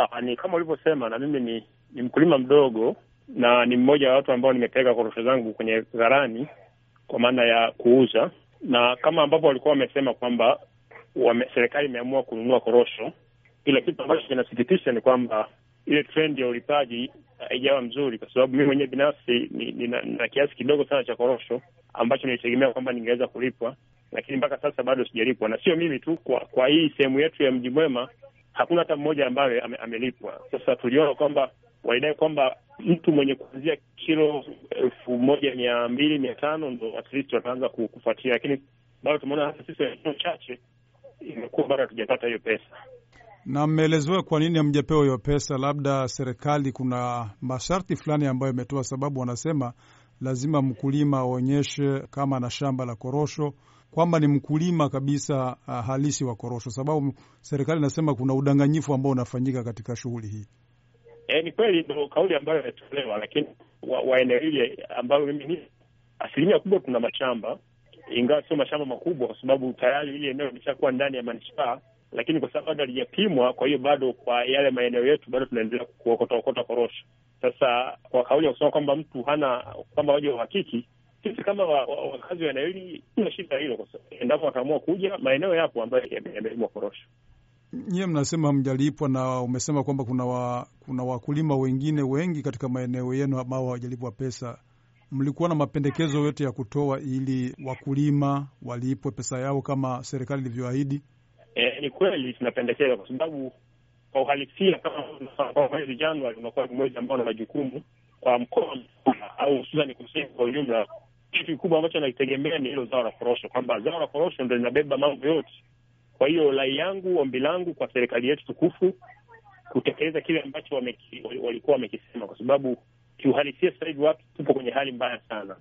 Aa, ah, ni kama ulivyosema, na mimi ni, ni mkulima mdogo na ni mmoja wa watu ambao nimepeleka korosho zangu kwenye gharani kwa maana ya kuuza, na kama ambapo walikuwa wamesema kwamba wame, serikali imeamua kununua korosho, ila kitu ambacho kinasikitisha ni kwamba ile trend ya ulipaji haijawa mzuri, kwa sababu mimi mwenyewe binafsi nina ni, kiasi kidogo sana cha korosho ambacho nilitegemea kwamba ningeweza kulipwa, lakini mpaka sasa bado sijalipwa, na sio mimi tu, kwa, kwa hii sehemu yetu ya Mji Mwema hakuna hata mmoja ambaye ame, amelipwa. Sasa tuliona kwamba walidai kwamba mtu mwenye kuanzia kilo elfu moja mia mbili mia tano ndo at least wataanza kufuatia, lakini bado tumeona hasa sisi eneo chache imekuwa bado hatujapata hiyo pesa. Na mmeelezewa kwa nini hamjapewa hiyo pesa? Labda serikali kuna masharti fulani ambayo imetoa, sababu wanasema lazima mkulima aonyeshe kama ana shamba la korosho kwamba ni mkulima kabisa uh, halisi wa korosho, sababu serikali inasema kuna udanganyifu ambao unafanyika katika shughuli hii. E, ni kweli ndo kauli ambayo imetolewa, lakini wa eneo hili ambayo mimi ni asilimia kubwa tuna mashamba, ingawa sio mashamba makubwa, kwa sababu tayari hili eneo limeshakuwa ndani ya manispaa, lakini kwa sababu bado halijapimwa, kwa hiyo bado kwa yale maeneo yetu bado tunaendelea kuokotaokota korosho. Sasa kwa kauli ya kusema kwamba mtu hana kwamba waje wahakiki sisi kama wakazi wa eneo hili tuna shida hilo, kwa sababu endapo wataamua kuja, maeneo yapo ambayo yamelimwa korosho. Nyiwe mnasema hamjalipwa, na umesema kwamba kuna wa, kuna wakulima wengine wengi katika maeneo yenu ambao hawajalipwa pesa. Mlikuwa na mapendekezo yote ya kutoa ili wakulima walipwe pesa yao kama serikali ilivyoahidi? E, ni kweli tunapendekeza, kwa sababu kwa uhalisia kama mwezi Januari unakuwa mwezi ambao na majukumu kwa mkoa au hususani kusini kwa ujumla kitu kikubwa ambacho anakitegemea ni hilo zao la korosho, kwamba zao la korosho ndo linabeba mambo yote. Kwa hiyo rai yangu, ombi langu kwa serikali yetu tukufu kutekeleza kile ambacho walikuwa wamekisema, kwa sababu kiuhalisia sasa hivi watu tupo kwenye hali mbaya sana.